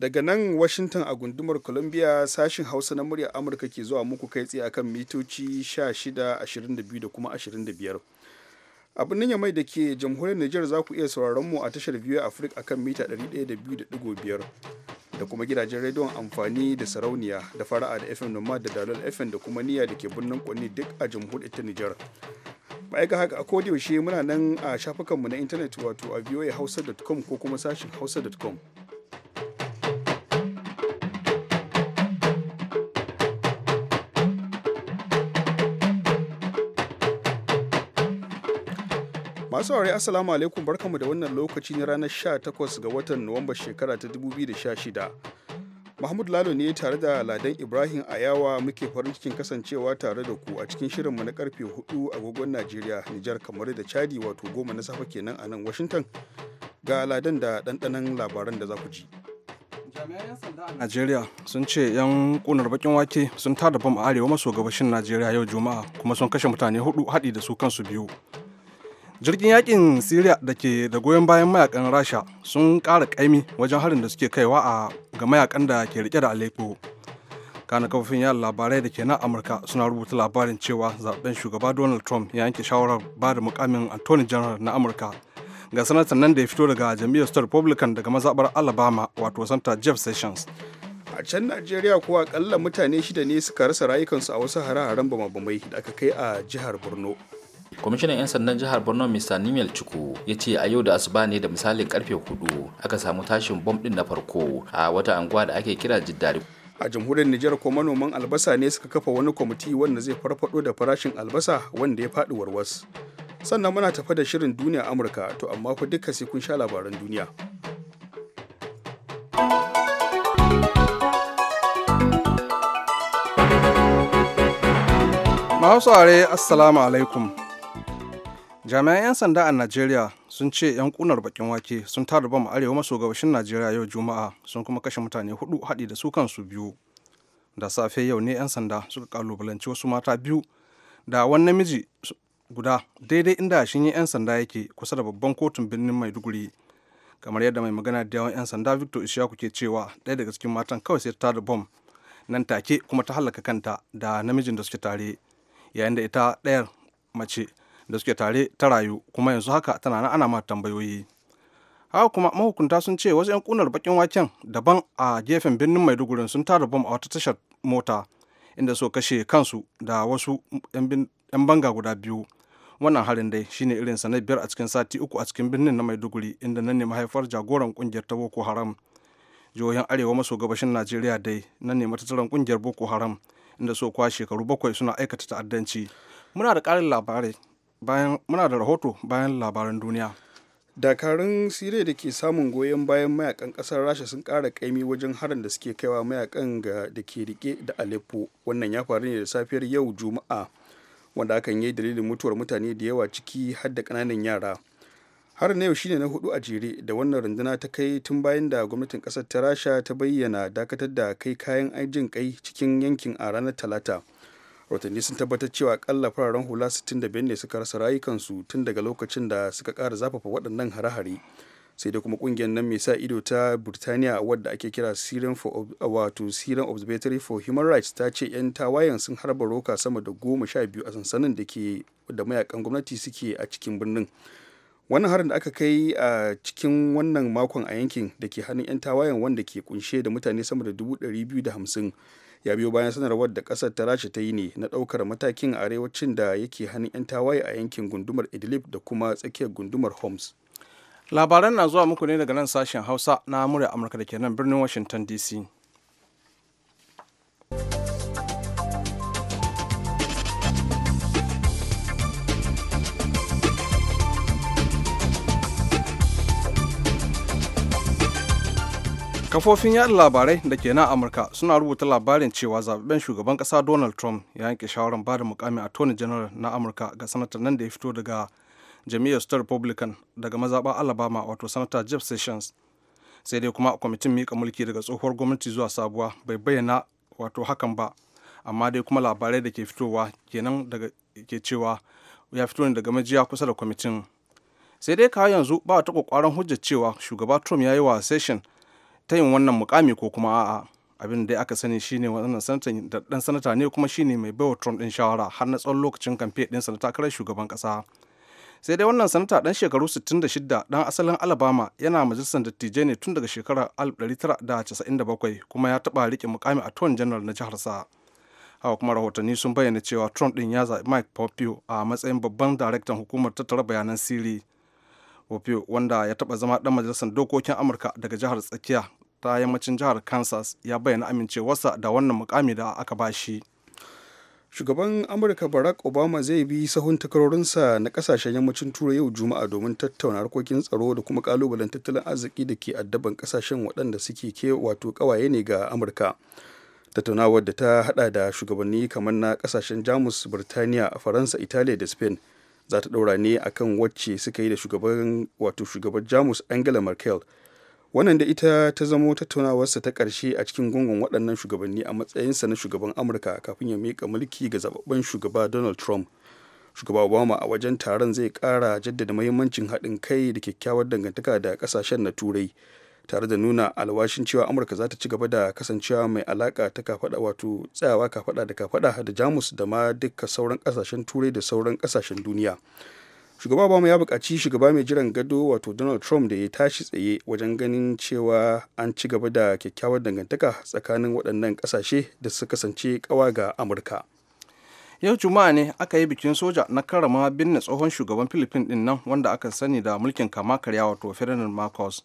daga nan washington a gundumar columbia sashin hausa na murya amurka ke zuwa muku kai tsaye akan mitoci 16 22 da kuma 25 a birnin yamai da ke jamhuriyar niger za ku iya sauraron mu a tashar biyu afirka akan mita 102.5 da kuma gidajen rediyon amfani da sarauniya da fara'a da fm noma da dalol fm da kuma niyya da ke birnin kwanne duk a jamhuriyar ta niger baya ga haka a yaushe muna nan a shafukanmu na intanet wato a voahausa.com ko kuma sashin hausa.com Masu aure Assalamu alaikum barkamu da wannan lokaci na ranar 18 ga watan Nuwamba shekara ta 2016. Mahmud Lalo ne tare da Ladan Ibrahim Ayawa muke farin cikin kasancewa tare da ku a cikin shirinmu na karfe 4 agogon Najeriya, Nijar, kamar da Chadi wato goma na safa kenan a nan Washington. Ga Ladan da ɗanɗanon labaran da za ku ji. Najeriya sun ce 'yan kunar bakin wake sun tada bam a arewa maso gabashin Najeriya yau Juma'a kuma sun kashe mutane hudu haɗi da su kansu biyu. jirgin yakin syria da ke da goyon bayan mayakan rasha sun kara kaimi wajen harin da suke kaiwa a ga mayakan da ke rike da aleppo kana kafofin yada labarai da ke nan amurka suna rubuta labarin cewa zaben shugaba donald trump ya yanke shawarar ba da mukamin attorney general na amurka ga sanatan nan da ya fito daga jam'iyyar state republican daga mazabar alabama wato santa jeff sessions a can najeriya kuwa akalla mutane shida ne suka rasa rayukansu a wasu hare-haren bama-bamai da aka kai a jihar borno kwamishinan 'yan sandan jihar borno mr nimel chuku ya ce a yau da asuba ne da misalin karfe hudu aka samu tashin bom din na farko a wata anguwa da ake kira jiddari a jamhuriyar Nijar ko manoman albasa ne suka kafa wani kwamiti wanda zai farfado da farashin albasa wanda ya faɗi warwas sannan muna tafa da shirin duniya amurka to amma ku duka sai kun sha labaran duniya Mahausare Assalamu alaikum jami'an 'yan sanda a najeriya sun ce 'yan kunar bakin wake sun tara bam arewa maso gabashin najeriya yau juma'a sun kuma kashe mutane hudu haɗi da su kansu biyu da safe yau ne 'yan sanda suka kalubalanci wasu mata biyu da wani namiji guda daidai inda ne 'yan sanda yake kusa da babban kotun birnin maiduguri kamar yadda mai magana da yawan 'yan sanda victor ishaku ke cewa ɗaya daga cikin matan kawai sai ta tara bam nan take kuma ta halaka kanta da namijin da suke tare yayin da ita ɗayar mace da suke tare ta rayu kuma yanzu haka tana nan ana mata tambayoyi haka kuma mahukunta sun ce wasu 'yan kunar bakin waken daban a gefen birnin maiduguri sun tara bom a wata tashar mota inda so kashe kansu da wasu 'yan banga guda biyu wannan harin dai shine irin sa na biyar a cikin sati uku a cikin birnin na maiduguri inda nan ne mahaifar jagoran kungiyar ta boko haram jihohin arewa maso gabashin najeriya dai nan ne matattaran kungiyar boko haram inda so kwa shekaru bakwai suna aikata ta'addanci muna da karin labarai bayan muna da rahoto bayan labaran duniya dakarun siriya da ke samun goyon bayan mayakan kasar rasha sun kara kaimi wajen harin da suke kaiwa mayakan ga da ke rike da aleppo wannan ya faru ne da safiyar yau juma'a wanda hakan yi dalilin mutuwar mutane da yawa ciki har da kananan yara harin na yau shine na hudu a jere da wannan runduna ta kai tun bayan da gwamnatin kasar ta rasha ta bayyana dakatar da kai kayan jin kai cikin yankin a ranar talata rahotanni sun tabbatar cewa akalla fararen hula 65 ne suka rasa rayukansu tun daga lokacin da suka kara zafafa waɗannan hare-hare sai da kuma ƙungiyar nan mai sa ido ta burtaniya wadda ake kira syrian, wato syrian observatory for human rights ta ce 'yan tawayen sun harba roka sama da goma sha biyu a sansanin da ke da mayakan gwamnati suke a cikin birnin wannan harin da aka kai a cikin wannan makon a yankin da ke hannun 'yan tawayen wanda ke kunshe da mutane sama da dubu ɗari biyu da hamsin ya biyo bayan sanarwar da kasar ta rasha ta yi ne na daukar matakin arewacin da yake hannun 'yan tawaye a yankin gundumar idlib da kuma tsakiyar gundumar homs labaran na zuwa muku ne daga nan sashen hausa na murya amurka da ke nan birnin washington dc kafofin yada labarai da ke nan amurka suna rubuta labarin cewa zaɓen shugaban ƙasa donald trump ya yanke shawarar bada mukami a Tony general na amurka ga sanatar nan da ya fito daga jam'iyyar star republican daga mazaɓa alabama wato sanata jeff sessions sai dai kuma kwamitin mika mulki daga tsohuwar gwamnati zuwa sabuwa bai bayyana wato hakan ba amma dai kuma labarai da ke fitowa kenan daga ke cewa ya fito ne daga majiya kusa da kwamitin sai dai kawo yanzu ba ta kwakwaran hujjar cewa shugaba trump ya yi wa session tayin wannan mukami ko kuma a'a abin da aka sani shine wannan sanatan da dan sanata ne kuma shine mai baiwa Trump din shawara har na tsawon lokacin kamfe din sa na shugaban kasa sai dai wannan sanata dan shekaru 66 dan asalin Alabama yana majalisar dattijai ne tun daga shekarar 1997 kuma ya taba rike mukami a tuwon general na jihar sa hawa kuma rahotanni sun bayyana cewa Trump din ya zabi Mike Pompeo a matsayin babban daraktan hukumar tattara bayanan siri Pompeo wanda ya taba zama dan majalisar dokokin Amurka daga jihar tsakiya ta yammacin jihar kansas ya bayyana amincewarsa da wannan mukami da aka ba shi shugaban amurka barack obama zai bi sahun takarorinsa na kasashen yammacin turai yau juma'a domin tattauna harkokin tsaro da kuma kalubalen tattalin arziki da ke addaban kasashen waɗanda suke ke wato kawaye ne ga amurka tattaunawar da ta hada da shugabanni kamar na kasashen jamus birtaniya faransa italiya da spain za ta daura ne akan wacce suka yi da shugaban wato shugaban jamus angela merkel wannan da ita ta zamo tattaunawarsa ta ƙarshe a cikin gungun waɗannan shugabanni a matsayinsa na shugaban amurka kafin ya miƙa mulki ga zababben shugaba donald trump shugaba obama a wajen taron zai ƙara jaddada mahimmancin haɗin kai da kyakkyawar dangantaka da ƙasashen na turai tare da nuna alwashin cewa amurka za ta ci gaba da kasancewa mai alaƙa ta kafaɗa wato tsayawa kafaɗa da kafaɗa da jamus da ma duka sauran ƙasashen turai da sauran ƙasashen duniya shugaba obama ya buƙaci shugaba mai jiran gado wato donald trump da ya tashi tsaye wajen ganin cewa an ci gaba da kyakkyawar dangantaka tsakanin waɗannan ƙasashe da su kasance ƙawa ga amurka yau juma'a ne aka yi bikin soja na karama binne tsohon shugaban philippines din nan wanda aka sani da mulkin kama karya wato ferdinand marcos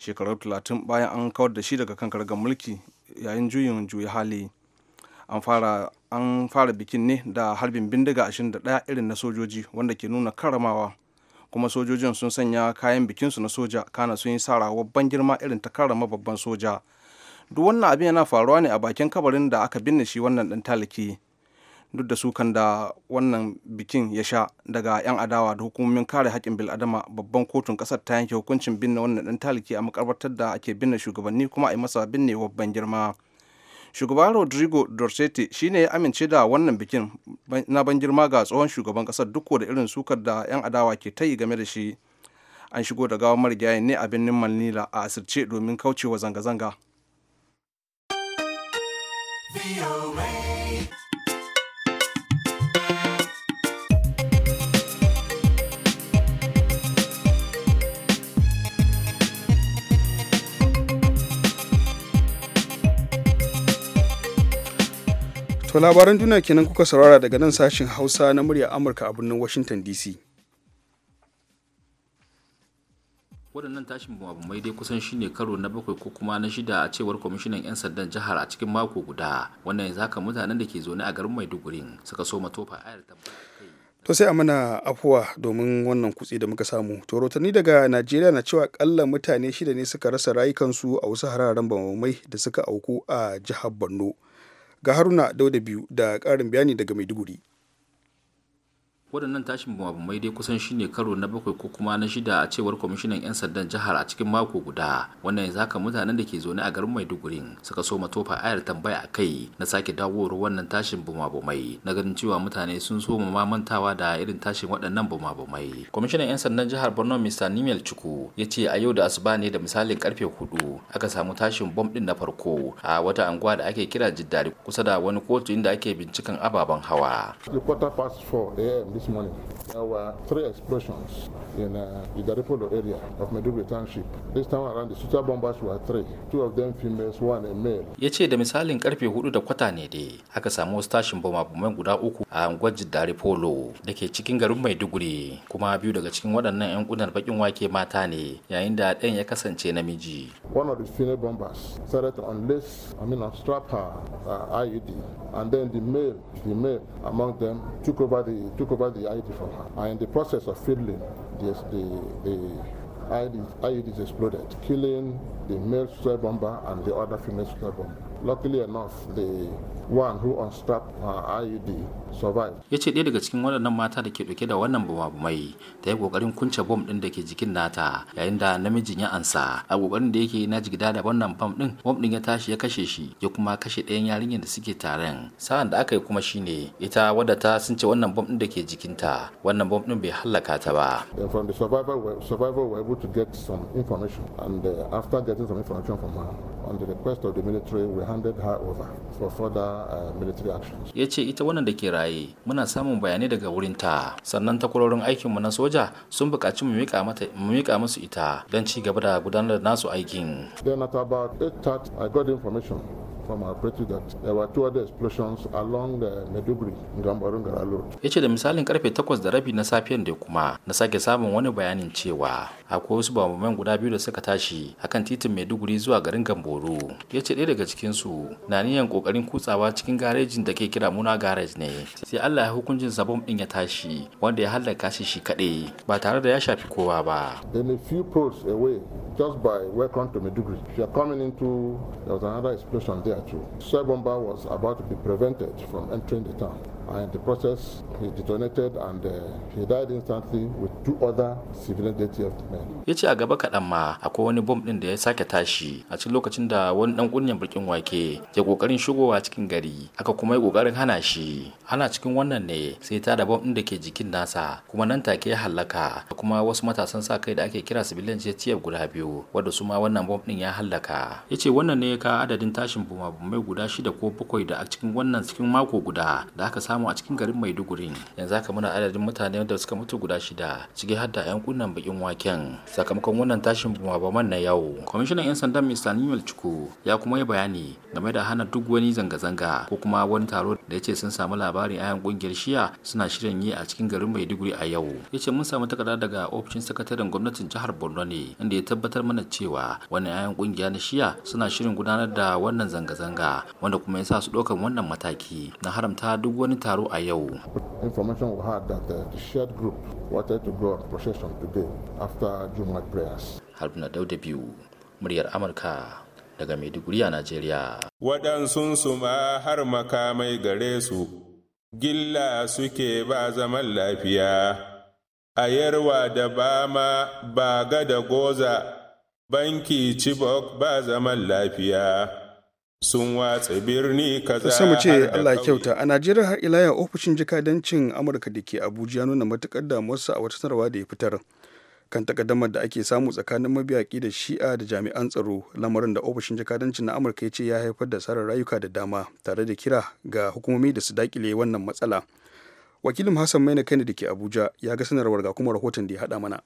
shekaru talatin bayan an kawar da shi daga kan ga mulki yayin juyin juya hali an fara an fara bikin ne da harbin bindiga 21 irin na sojoji wanda ke nuna karamawa kuma sojojin sun sanya kayan bikinsu na soja kana sun yi sara wabban girma irin ta karama babban soja duk wannan abin yana faruwa ne a bakin kabarin da aka binne shi wannan dan taliki duk da sukan da wannan bikin ya sha daga 'yan adawa da hukumomin kare haƙƙin bil'adama babban kotun ƙasar ta yanke hukuncin binne wannan dan taliki a makabartar da ake binne shugabanni kuma a yi masa binne wabban girma shugaban rodrigo dorsetti shine ya amince da wannan bikin na ban girma ga tsohon shugaban kasar duk da irin sukar da 'yan adawa ke ta yi game da shi an shigo da gawar marigayen ne a birnin manila a asirce domin kaucewa zanga-zanga. To labaran duniya kenan kuka saurara daga nan sashen Hausa na murya Amurka a birnin Washington DC. waɗannan tashin mai dai kusan shine karo na bakwai ko kuma na shida a cewar kwamishinan 'yan sandan jihar a cikin mako guda wannan ya zaka mutanen da ke zaune a garin maiduguri suka so matofa ayar to sai a mana afuwa domin wannan kutse da muka samu to rotanni daga najeriya na cewa kalla mutane shida ne suka rasa rayukansu a wasu hararen bamamai da suka auku a jihar borno ga haruna dauda biyu da ƙarin bayani daga maiduguri waɗannan tashin bumabumai dai kusan shine karo na bakwai ko kuma na shida a cewar kwamishinan 'yan sandan jihar a cikin mako guda wannan ya zaka mutanen da ke zaune a garin maiduguri suka so tofa ayar tambaya a kai na sake dawowar wannan tashin bumabumai na ganin cewa mutane sun so ma mantawa da irin tashin waɗannan bumabumai kwamishinan 'yan sandan jihar borno mr nimel chuku ya ce a yau da asuba ne da misalin karfe hudu aka samu tashin bom din na farko a wata anguwa da ake kira jiddari kusa da wani kotu inda ake binciken ababen hawa this morning. There were three explosions in, uh, the Repolo area of Maiduguri Township. This time around the suitor bombers were three, two of them females, one a male. Ya ce da misalin karfe hudu da kwata ne dai aka samu wasu tashin bama-baman guda uku a unguwar Jiddare Polo da ke cikin garin Maiduguri kuma biyu daga cikin waɗannan 'yan kunar bakin wake mata ne yayin da ɗayan ya kasance namiji. One of the female bombers started to unless I mean uh, strap her uh, IED and then the male the male among them took over the took over transfer the IED from her. And in the process of fiddling, the, the, the IED, exploded, killing the male suicide bomber and the other female suicide bomber. luckily enough the one who unstrapped her IUD e survived. Ya ce ɗaya daga cikin waɗannan mata da ke ɗauke da wannan mai ta yi ƙoƙarin kunce bom ɗin da ke jikin nata yayin da namijin ya ansa a ƙoƙarin da yake na jigida da wannan bom ɗin bom ɗin ya tashi ya kashe shi ya kuma kashe ɗayan yarinyar da suke taron sa'an da aka yi kuma shine ita wadda ta sun ce wannan bom ɗin da ke jikinta wannan bom ɗin bai hallaka ta ba. from the survivor survivor were able to get some information and uh, after getting some information from her on the request of the military we handed her over for further uh, military actions. Ya ce ita wannan da ke raye muna samun bayanai daga wurin ta sannan takwarorin aikin mu na soja sun buƙaci mu mika mata mu mika musu ita don ci gaba da gudanar da nasu aikin. Then at about 8:30 I got information from our president there were two other explosions along the Meduguri Gambarungara road. Ya ce da misalin karfe 8 da rabi na safiyan da kuma na sake samun wani bayanin cewa akwai wasu bamaman guda biyu da suka tashi akan titin Maiduguri zuwa garin Gamboro. Ya ce ɗaya daga cikin su na niyan kokarin kutsawa cikin garejin da ke kira Muna Garage ne. Sai Allah ya hukuncin sabon din ya tashi wanda ya halaka shi shi kaɗai ba tare da ya shafi kowa ba. In a few poles away just by welcome to Maiduguri, you are coming into there was another explosion there. there too. Soy was about to be prevented from entering the town. and in the process, he detonated and uh, he died instantly with two other civilian deaths men. Ya ce a gaba kaɗan ma akwai wani bom ɗin da ya sake tashi a cikin lokacin da wani ɗan kunyan bakin wake ya ƙoƙarin shigowa cikin gari aka kuma yi ƙoƙarin hana shi. Ana cikin wannan ne sai ta da bom ɗin da ke jikin nasa kuma nan take ya hallaka da kuma wasu matasan sa kai da ake kira civilian JTF guda biyu wadda su ma wannan bom ɗin ya hallaka. Ya ce wannan ne ya ka adadin tashin bumabumai guda shida ko bakwai da a cikin wannan cikin mako guda da aka samu samu a cikin garin maiduguri yanzu haka muna adadin mutane da suka mutu guda shida ciki har da yan kunnan bakin waken sakamakon wannan tashin bumabaman na yau kwamishinan yan sandan mr samuel chuku ya kuma yi bayani game da hana duk wani zanga-zanga ko kuma wani taro da ya ce sun samu labarin ayan kungiyar shiya suna shirin yi a cikin garin maiduguri a yau ya ce mun samu takarda daga ofishin sakataren gwamnatin jihar borno ne inda ya tabbatar mana cewa wani ayan kungiya na shiya suna shirin gudanar da wannan zanga-zanga wanda kuma ya sa su ɗaukan wannan mataki na haramta duk wani taro a yau information we had that uh, the shared group wanted to go on procession today after juma prayers Haruna Dauda biyu muryar Amurka daga Maiduguri a Najeriya waɗansu su ma har makamai gare su gilla suke ba zaman lafiya a yarwa da bama ba ga da goza banki Chibok ba zaman lafiya sun watsa birni kaza sai mu ce Allah kyauta a Najeriya har ila yau ofishin jikadancin Amurka da ke Abuja nuna matukar damuwarsa a wata sanarwa da ya fitar kan takaddamar da ake samu tsakanin mabiyaki da shi'a da jami'an tsaro lamarin da ofishin jikadancin na Amurka ya ce ya haifar da sarar rayuka da dama tare da kira ga hukumomi da su dakile wannan matsala wakilin Hassan Maina Kennedy da ke Abuja ya ga sanarwar ga kuma rahoton da ya haɗa mana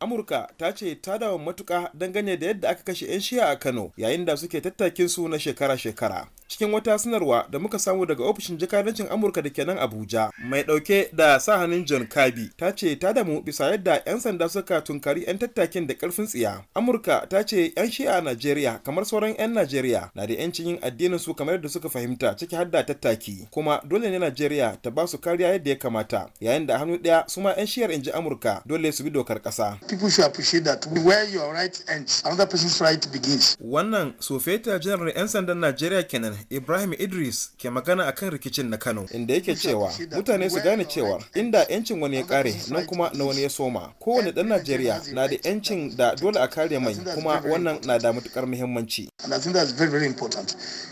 amurka ta ce ta dawo matuka dangane da yadda aka kashe 'yan shiya a kano yayin da suke tattakin su na shekara-shekara cikin wata sanarwa da muka samu daga ofishin jakadancin amurka da kenan abuja mai dauke da sa hannun john kabi ta ce ta damu bisa yadda 'yan sanda suka tunkari 'yan tattakin da karfin tsiya amurka ta ce 'yan shi'a a najeriya kamar sauran 'yan najeriya na da 'yancin yin addinin su kamar yadda suka fahimta ciki har da tattaki kuma dole ne najeriya ta ba su kariya yadda ya kamata yayin da hannu ɗaya su ma 'yan shiyar inji amurka dole su bi dokar ƙasa people should appreciate that where your right ends, another person's right begins. Wannan Sofeta General 'yan sandan Najeriya kenan Ibrahim Idris ke magana akan rikicin na Kano. Inda yake cewa mutane su gane cewa inda 'yancin wani ya kare nan kuma na wani ya soma. Kowane ɗan Najeriya na da 'yancin da dole a kare mai kuma wannan na da matukar muhimmanci.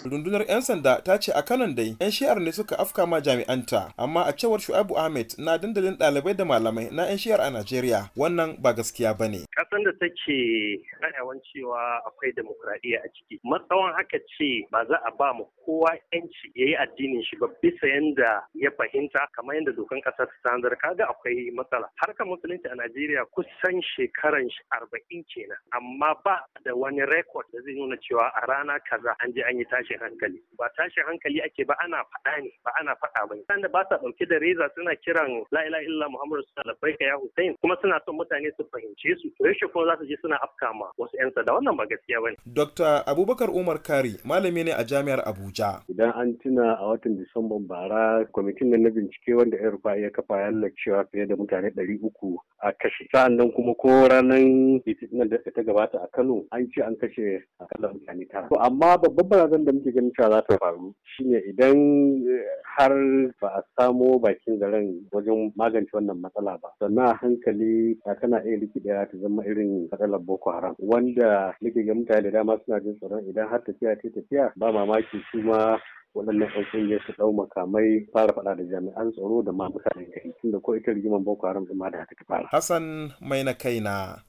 Rundunar 'yan sanda ta ce a Kanon dai 'yan shi'ar ne suka afka ma jami'anta amma a cewar Shu'abu Ahmed na dandalin ɗalibai da malamai na 'yan shi'ar a Najeriya wannan ba gaskiya gaskiya ba ne. da take yawan cewa akwai demokradiyya a ciki. Matsawan haka ce ba za a ba mu kowa yanci ya yi addinin shi ba bisa yanda ya fahimta kamar yadda dokan ƙasar ta hanzar kaga akwai matsala. Harkar musulunci a Najeriya kusan shekaran arba'in kenan amma ba da wani rekod da zai nuna cewa a rana kaza an je an yi tashin hankali. Ba tashin hankali ake ba ana faɗa ne ba ana faɗa ba ne. da ba sa ɗauke da reza suna kiran la'ila illa Muhammadu sallallahu alaihi wa ya Hussein kuma suna son mutane su fahimce su to yaushe kuma za su je suna afka ma wasu 'yan sanda wannan ba gaskiya bane. Dr. Abubakar Umar Kari malami ne a Jami'ar Abuja. Idan an tuna a watan Disamban bara kwamitin na bincike wanda ya rufa ya kafa ya cewa fiye da mutane ɗari uku a kashe. Sa'an nan kuma ko ranar litinin da ta gabata a Kano an ce an kashe akalla mutane tara. To amma babban barazan da muke ganin cewa za ta faru shine idan eh, har ba a samo bakin zaren wajen magance wannan matsala ba. Sannan a hankali kana iya rikidaya ta zama irin matsalar Boko Haram wanda nake ga mutane da dama suna jin tsoron idan har tafiya ta tafiya ba mamaki su ma waɗannan ɗan ƙungiyar su ɗau makamai fara faɗa da jami'an tsaro da ma mutane kai tunda ko ita rigimar Boko Haram ɗin ma da haka ta fara. Hassan mai na kaina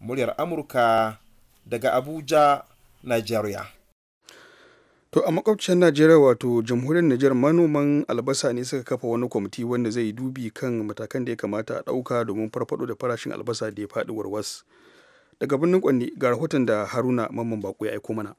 muryar Amurka daga Abuja, Nigeria. To a makwabciyar Najeriya wato jamhuriyar Nijar manoman albasa ne suka kafa wani kwamiti wanda zai dubi kan matakan da ya kamata a ɗauka domin farfaɗo da farashin albasa da ya faɗi warwas. Daga birnin Kwanni ga rahoton da Haruna Mamman Bako ya aiko mana.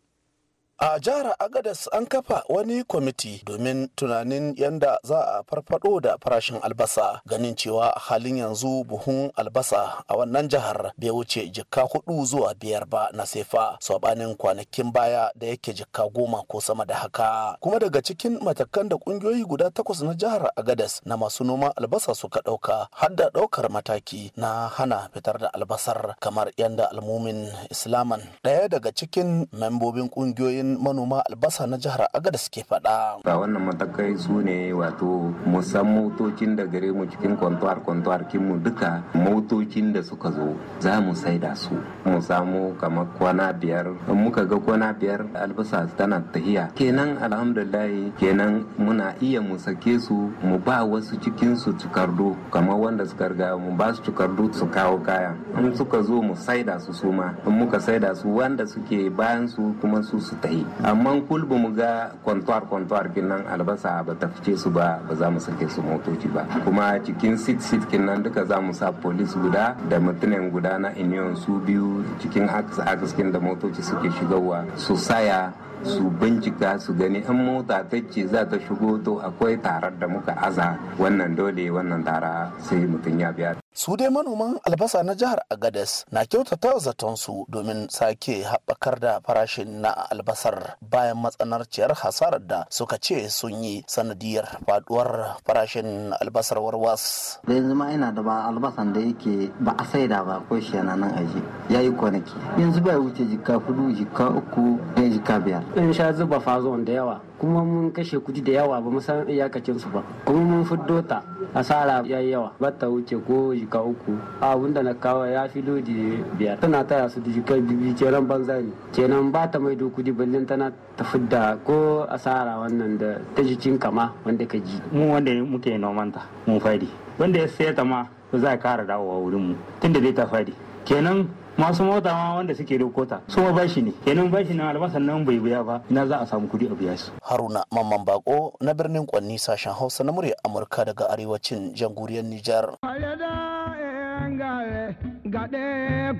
a jihar agadas an kafa wani kwamiti domin tunanin yadda za a farfado da farashin albasa ganin cewa a halin yanzu buhun albasa a wannan jihar bai wuce jikka hudu zuwa biyar ba na sefa sabanin kwanakin baya da yake jikka goma ko sama da haka kuma daga cikin matakan da kungiyoyi guda takwas na jihar agadas na masu noman albasa suka dauka har da ɗaukar mataki na hana fitar da albasar kamar yadda almumin islaman daya daga cikin membobin kungiyoyin kungiyar manoma albasa na jihar agada suke faɗa. ga wannan matakai su ne wato musamman motocin da gare mu cikin kwantuwar kwantuwar kinmu duka motocin da suka zo za mu saida su mu samu kamar kwana biyar muka ga kwana biyar albasa tana tahiya kenan alhamdulillahi kenan muna iya mu sake su mu ba wasu cikin su cikardo kamar wanda suka riga mu ba su cikardo su kawo kaya in suka zo mu saida su suma in muka saida su wanda suke bayan su kuma su su ta. yi amma kul ba mu ga kwantuwar kwantuwar nan albasa ba ta fice su ba ba za mu sake su motoci ba kuma cikin sit sit nan duka za mu sa polis guda da mutumin guda na union su biyu cikin aks aks da motoci suke shigowa su saya su bincika su gani in mota ta ce za ta shigo to akwai tarar da muka aza wannan dole wannan tara sai mutum ya biya su dai manoman albasa na jihar Agadez na kyautata zaton su domin sake haɓakar da farashin na albasar bayan matsanarciyar hasarar da suka ce sun yi sanadiyar faduwar farashin albasar warwas da yanzu ma ina da ba albasan da yake ba a saida ba ko shi yana nan aji ya yi kwanaki yanzu bai wuce jika hudu jika uku da jika biyar in sha zuba fazon da yawa kuma mun kashe kudi da yawa ba mu san iyakacin su ba kuma mun fiddo ta asara yi yawa ba ta wuce ko jika uku a wanda na kawo ya fi lodi biyar tana taya su da jika bibi banza ne kenan ba ta mai kudi ballin tana ta fidda ko asara wannan da ta jikin kama wanda ka ji mu wanda muke nomanta mun fadi wanda ya sayar ta ma za a kara dawowa wurin mu tunda dai ta fadi kenan masu mota ma wanda suke rikota su ma bashi ne kenan bashi na albasan nan bai biya ba ina za a samu kuɗi a biya su haruna mamman bako na birnin kwanni sashen hausa na murya amurka daga arewacin jamhuriyar nijar ku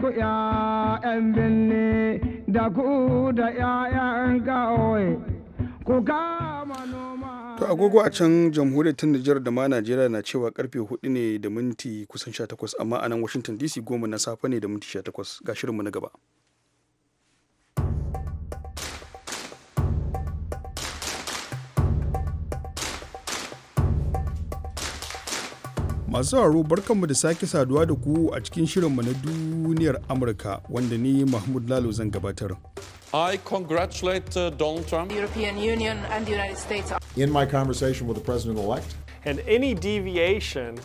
‘ya'yan birni da da kawai ku kama To agogo a can jamhuriyar ta Nijar da ma Najeriya na cewa karfe hudu ne da minti kusan 18 amma a nan Washington DC goma na safe ne da minti 18 ga shirinmu na gaba. Masu sauraro barkanmu da sake saduwa da ku a cikin shirinmu na duniyar Amurka wanda ni Mahmud Lalo zan gabatar. I congratulate uh, Donald Trump. The European Union and the United States. In my conversation with the president-elect. And any deviation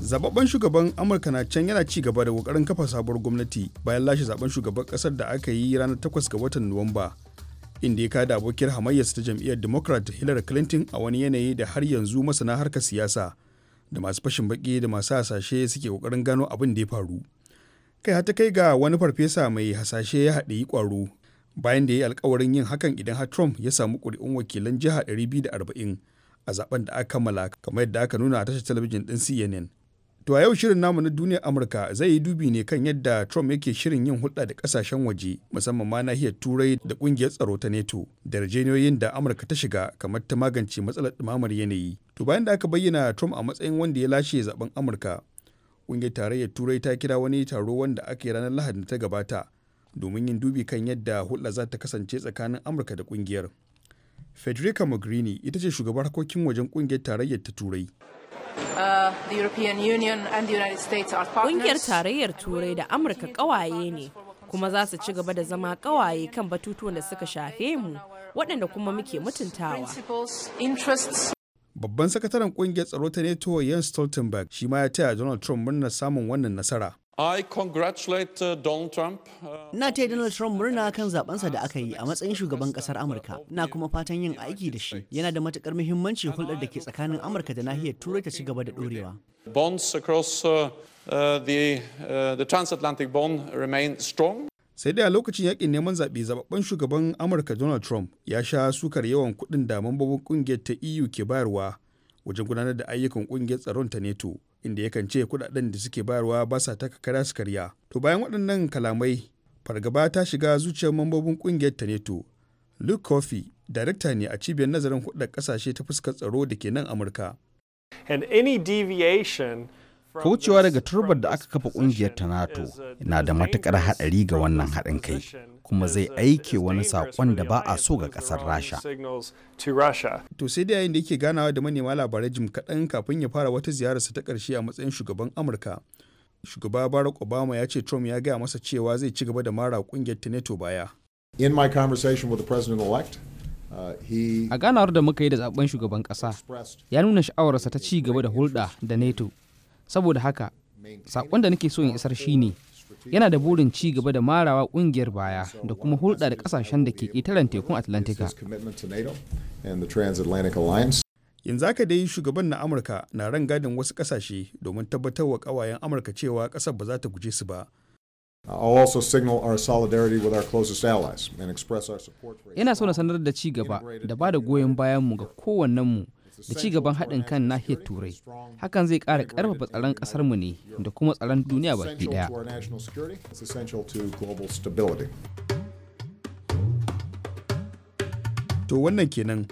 zababben shugaban amurka na can yana ci gaba da kokarin kafa sabuwar gwamnati bayan lashe zaben shugaban kasar da aka yi ranar takwas ga watan nuwamba inda ya kada abokiyar hamayyarsa ta jam'iyyar democrat hillary clinton a wani yanayi da har yanzu masana harkar siyasa da masu fashin baki da masu hasashe suke kokarin gano abin da ya faru kai ta kai ga wani farfesa mai hasashe ya haɗe kwaro bayan da ya yi alkawarin yin hakan idan har trump ya samu ƙuri'un wakilan jiha 240 a zaben da aka kammala kamar yadda aka nuna a tashar talabijin ɗin cnn To a yau shirin namu na duniyar Amurka zai yi dubi ne kan yadda Trump yake shirin yin hulɗa da kasashen waje musamman ma nahiyar Turai da ƙungiyar tsaro ta NATO da yarjejeniyoyin da Amurka ta shiga kamar ta magance matsalar dumamar yanayi. To bayan da aka bayyana Trump a matsayin wanda ya lashe zaben Amurka, ƙungiyar tarayyar Turai ta kira wani taro wanda aka yi ranar Lahadi da ta gabata domin yin dubi kan yadda hulɗa za ta kasance tsakanin Amurka da ƙungiyar. Federica Mogherini ita ce shugabar harkokin wajen ƙungiyar tarayyar ta Turai. Uh, ƙungiyar tarayyar Turai da Amurka ƙawaye ne, kuma za su ci gaba da zama ƙawaye kan batutuwan da suka shafe mu, waɗanda kuma muke mutuntawa. Babban sakataren ƙungiyar tsaro ta NATO Jens Stoltenberg shi ma ya taya Donald Trump murnar samun wannan nasara. I congratulate uh, Donald Trump. Uh, Na taya Donald Trump murna kan zabensa da aka yi a matsayin shugaban kasar Amurka. Na kuma fatan yin aiki da shi. Yana da matukar muhimmanci hulɗar da ke tsakanin Amurka da nahiyar Turai ta ci gaba da dorewa. Bonds across uh, uh, uh, the, transatlantic bond remain strong. Sai dai lokacin yakin neman zaɓe zababban shugaban Amurka Donald Trump ya sha sukar yawan kuɗin da mambobin ƙungiyar ta EU ke bayarwa wajen gudanar da ayyukan ƙungiyar tsaron ta NATO. inda yakan ce kudaden da suke bayarwa ba sa taka kara su karya to bayan waɗannan kalamai fargaba ta shiga zuciyar mambobin kungiyar ta neto luke coffey darakta ne a cibiyar nazarin hudar kasashe ta fuskar tsaro da ke nan amurka and any deviation Kaucewa daga turbar da aka kafa kungiyar ta NATO na da matukar haɗari ga wannan haɗin kai, kuma zai aike wani saƙon da ba a so ga ƙasar Rasha. To sai da yayin da yake ganawa da manema labarai jim kaɗan kafin ya fara wata ziyararsa ta ƙarshe a matsayin shugaban Amurka. Shugaba Barack Obama ya ce Trump ya gaya masa cewa zai ci gaba da mara kungiyar ta NATO baya. In my conversation with the president-elect, uh, A ganawar da muka yi da zaben shugaban ƙasa, ya nuna sha'awarsa ta ci gaba da hulɗa da NATO saboda haka saƙon da nake so in isar shine yana da burin ci gaba da marawa ƙungiyar baya da kuma hulɗa da ƙasashen da ke ƙetaren tekun atlantika yanzu haka dai shugaban na amurka na ran gadin wasu ƙasashe domin tabbatar wa ƙawayen amurka cewa ƙasar ba za ta guje su ba Yana so na sanar da ci gaba da ba da goyon bayanmu ga kowannenmu da ci gaban haɗin kan nahiyar turai hakan zai ƙara ƙarfafa tsaron ƙasarmu ne da kuma tsaron duniya baki ɗaya to wannan kenan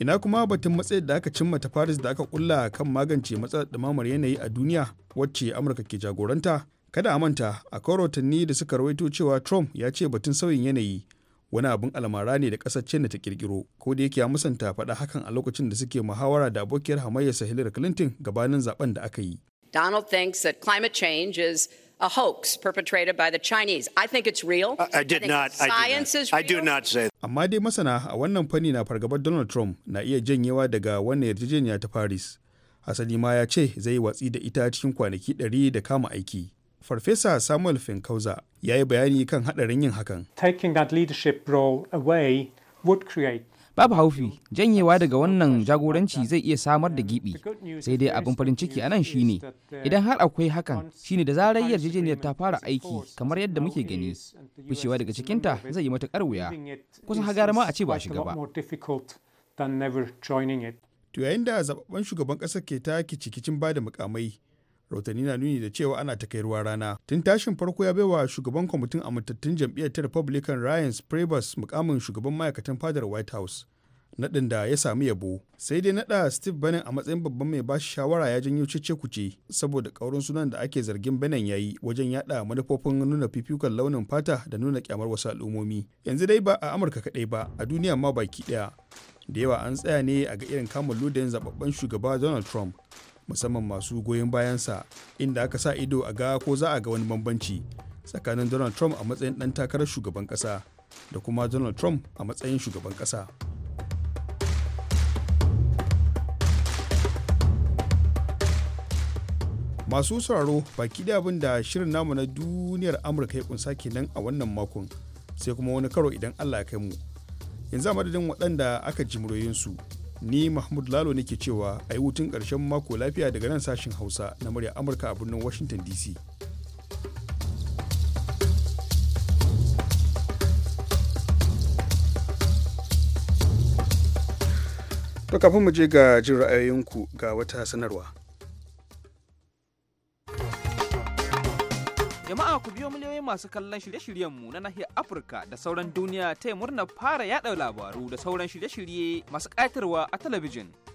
ina kuma batun matsayin da aka cimma ta paris da aka kulla kan magance matsalar ɗumamar yanayi a duniya wacce amurka ke jagoranta kada a manta akwai rahotanni da suka rawaito cewa trump ya ce batun sauyin yanayi wani abin almara ne da ƙasar China ta kirkiro ko da yake ya musanta faɗa hakan a lokacin da suke muhawara da abokiyar hamayyarsa Hillary Clinton gabanin zaben da aka yi. Donald thinks that climate change is a hoax perpetrated by the Chinese. I think it's real. I, did not. did not. Is I do not say that. Amma dai masana a wannan fanni na fargabar Donald Trump na iya janyewa daga wannan yarjejeniya ta Paris. Asali ma ya ce zai watsi da ita cikin kwanaki 100 da kama aiki. Farfesa Samuel Finkauza ya yi bayani kan haɗarin yin hakan. Taking that leadership role away would create babu haufi janyewa daga wannan jagoranci zai iya samar da gibi sai dai abin farin ciki a nan shine idan har akwai hakan shine da zarar yarjejeniyar ta fara aiki kamar yadda muke gani ficewa daga cikinta zai yi matukar wuya kusan hagar ma a ce ba shiga ba to yayin da zababben shugaban ƙasar ke ta ki cikicin bada mukamai rotani na nuni da cewa ana ta kai ruwa rana tun tashin farko ya baiwa shugaban kwamitin amintattun jam'iyyar ta republican ryan spravers mukamin shugaban ma'aikatan fadar white house naɗin da ya samu yabo sai dai naɗa steve bannon a matsayin babban mai bashi shawara ya janyo cece kuce saboda ƙaurin sunan da ake zargin bannon ya yi wajen yaɗa manufofin nuna fifikon launin fata da nuna kyamar wasu al'ummomi yanzu dai ba a amurka kaɗai ba a duniya ma baki ɗaya da yawa an tsaya ne a ga irin kamun ludin zababben shugaba donald trump musamman masu goyon bayansa inda aka sa ido a ga ko za a ga wani bambanci tsakanin donald trump a matsayin dan takarar shugaban kasa da kuma donald trump a matsayin shugaban kasa. masu sauraro baki da abin da shirin namu na duniyar amurka ya kunsa kenan a wannan makon sai kuma wani karo idan allah ya kai mu yanzu a madadin waɗanda aka ji su ni mahmud lalo ne ke cewa a yi hutun ƙarshen mako lafiya daga nan sashen hausa na murya amurka a birnin washington dc to kafin mu je ga jin ra'ayoyinku ga wata sanarwa Jama'a ku biyo miliyoyin masu kallon shirye-shiryenmu na nahiyar Afirka da sauran duniya ta yi murna fara yada labaru da sauran shirye-shirye masu ƙayatarwa a talabijin.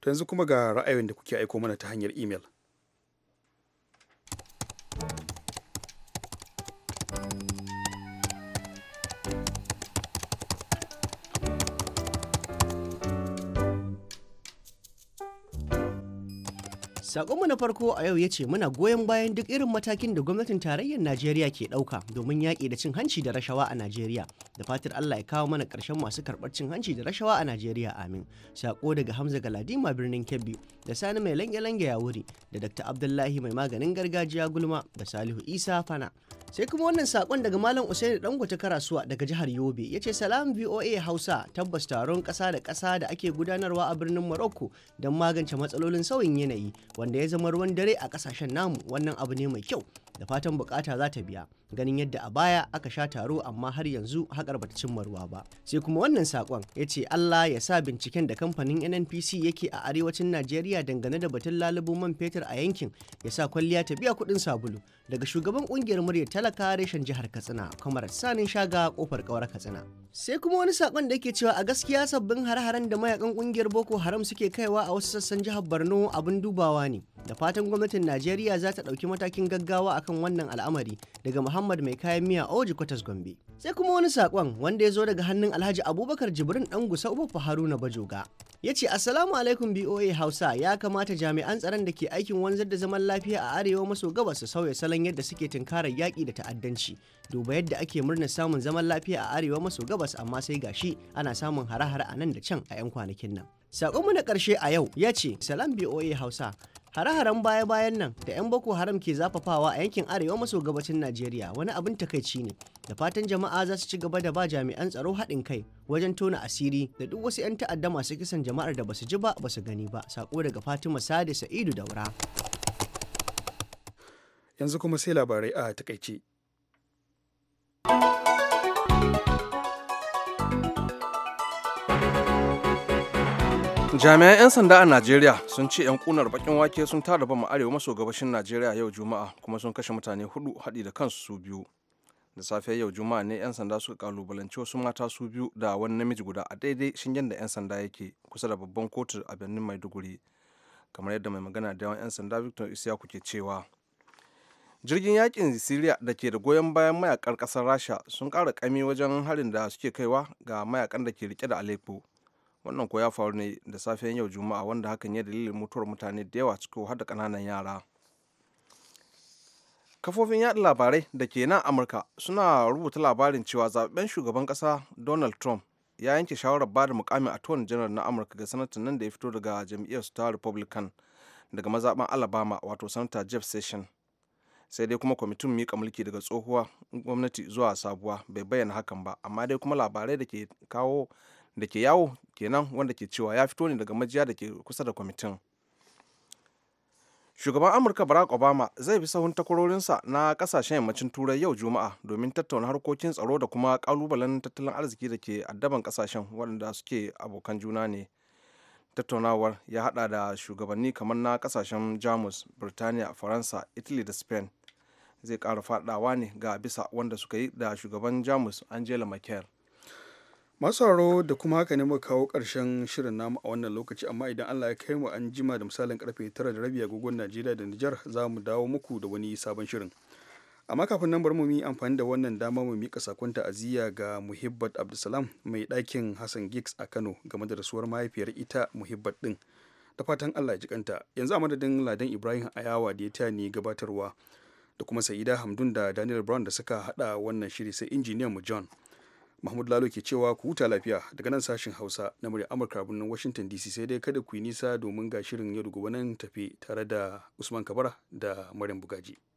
To yanzu kuma ga ra'ayoyin da kuke aiko mana ta hanyar imel. Sakonmu na farko a yau ya ce muna goyon bayan duk irin matakin da gwamnatin tarayyar Najeriya ke ɗauka domin yaƙi da cin hanci da rashawa a Najeriya. Da fatar Allah ya kawo mana ƙarshen masu karɓar cin hanci da rashawa a Najeriya amin. Sako daga Hamza Galadima birnin Kebbi da Sani mai lange-lange ya wuri da Dr. Abdullahi mai maganin gargajiya gulma da Salihu Isa Fana. Sai kuma wannan sakon daga Malam Usaini Dangote Karasuwa daga jihar Yobe ya ce salam VOA Hausa tabbas taron ƙasa da ƙasa da ake gudanarwa a birnin Morocco don magance matsalolin sauyin yanayi wanda ya zama ruwan dare a kasashen namu wannan abu ne mai kyau da fatan bukata za ta biya ganin yadda a baya aka sha taro amma har yanzu haƙar bata cimma ruwa ba sai kuma wannan sakon ya ce Allah ya sa binciken da kamfanin NNPC yake a arewacin Najeriya dangane da batun lalubo man fetur a yankin ya sa kwalliya ta biya kuɗin sabulu daga shugaban kungiyar murya talaka reshen jihar Katsina kamar sanin shaga kofar kawar Katsina sai kuma wani sakon da yake cewa a gaskiya sabbin har-haren da mayakan kungiyar Boko Haram suke kaiwa a wasu sassan jihar Borno abin dubawa ne da fatan gwamnatin Najeriya za ta ɗauki matakin gaggawa akan wannan al'amari daga Muhammad mai kayan miya waje Kwatas Gombe. Sai kuma wani saƙon wanda ya zo daga hannun Alhaji Abubakar Jibrin ɗan gusa Ubafu Haruna Bajoga. Ya ce Assalamu alaikum BOA Hausa ya kamata jami'an tsaron da ke aikin wanzar da zaman lafiya a arewa maso gabas su sauya salon yadda suke tunkarar yaƙi da ta'addanci. Duba yadda ake murnar samun zaman lafiya a arewa maso gabas amma sai gashi ana samun hare-hare a nan da can a 'yan kwanakin nan. Saƙonmu na ƙarshe a yau ya ce, Salam BOA Hausa, Hare-haren baya-bayan nan da 'yan Boko Haram ke zafafawa a yankin arewa maso gabacin Najeriya wani abin takaici ne. Da fatan jama'a za su ci gaba da ba jami'an tsaro haɗin kai wajen tona asiri da duk wasu 'yan ta'adda masu kisan jama'ar da basu ji ba basu gani ba. Sako daga Fatima Sade Sa'idu Daura. Yanzu kuma sai labarai a takaice. jami'an 'yan sanda a najeriya sun ce 'yan kunar bakin wake sun tara bama arewa maso gabashin najeriya yau juma'a kuma sun kashe mutane hudu hadi da kansu su biyu da safiyar yau juma'a ne 'yan sanda suka kalubalanci wasu mata su biyu da wani namiji guda a daidai shingen da 'yan sanda yake kusa da babban kotu a birnin maiduguri kamar yadda mai magana da yawan 'yan sanda victor isiyaku ke cewa jirgin yakin siriya da ke da goyon bayan mayakar kasar rasha sun kara kami wajen harin da suke kaiwa ga mayakan da ke rike da aleppo wannan ko ya faru ne da safiyan yau juma'a wanda hakan ya dalilin mutuwar mutane da yawa cikin har da yara kafofin yada labarai da ke nan amurka suna rubuta labarin cewa zaben shugaban kasa donald trump ya yanke shawarar bada mukamin a tuwon general na amurka ga sanatan nan da ya fito daga jam'iyyar ta republican daga mazaban alabama wato sanata jeff session sai dai kuma kwamitin miƙa mulki daga tsohuwa gwamnati zuwa sabuwa bai bayyana hakan ba amma dai kuma labarai da ke kawo da ke yawo kenan wanda ke cewa ya fito ne daga majiya da ke kusa da kwamitin shugaban amurka barack obama zai fi sahun takwarorinsa na kasashen yammacin turai yau juma'a domin tattauna harkokin tsaro da kuma kalubalen tattalin arziki da ke addaban kasashen waɗanda suke abokan juna ne tattaunawar ya hada da shugabanni kamar na kasashen jamus birtaniya faransa italy da spain zai kara faɗawa ne ga bisa wanda suka yi da shugaban jamus angela merkel masu da kuma haka ne muka kawo ƙarshen shirin namu a wannan lokaci amma idan allah ya kai mu an jima da misalin karfe tara da rabi agogon najeriya da nijar za mu dawo muku da wani sabon shirin amma kafin nan bari mu yi amfani da wannan dama mu miƙa sakon ta'aziyya ga muhibbat abdulsalam mai ɗakin hassan gigs a kano game da rasuwar mahaifiyar ita muhibbat ɗin da fatan allah ya ji kanta yanzu a madadin ladan ibrahim ayawa da ya taya ni gabatarwa da kuma sa'ida hamdun da daniel brown da suka haɗa wannan shiri sai injiniyan mu john mahmud lalo ke cewa ku huta lafiya daga nan sashin hausa na murya amurka birnin washington dc sai dai kada ku yi nisa domin ga shirin yau gobe nan tafe tare da usman kabara da maryam bugaji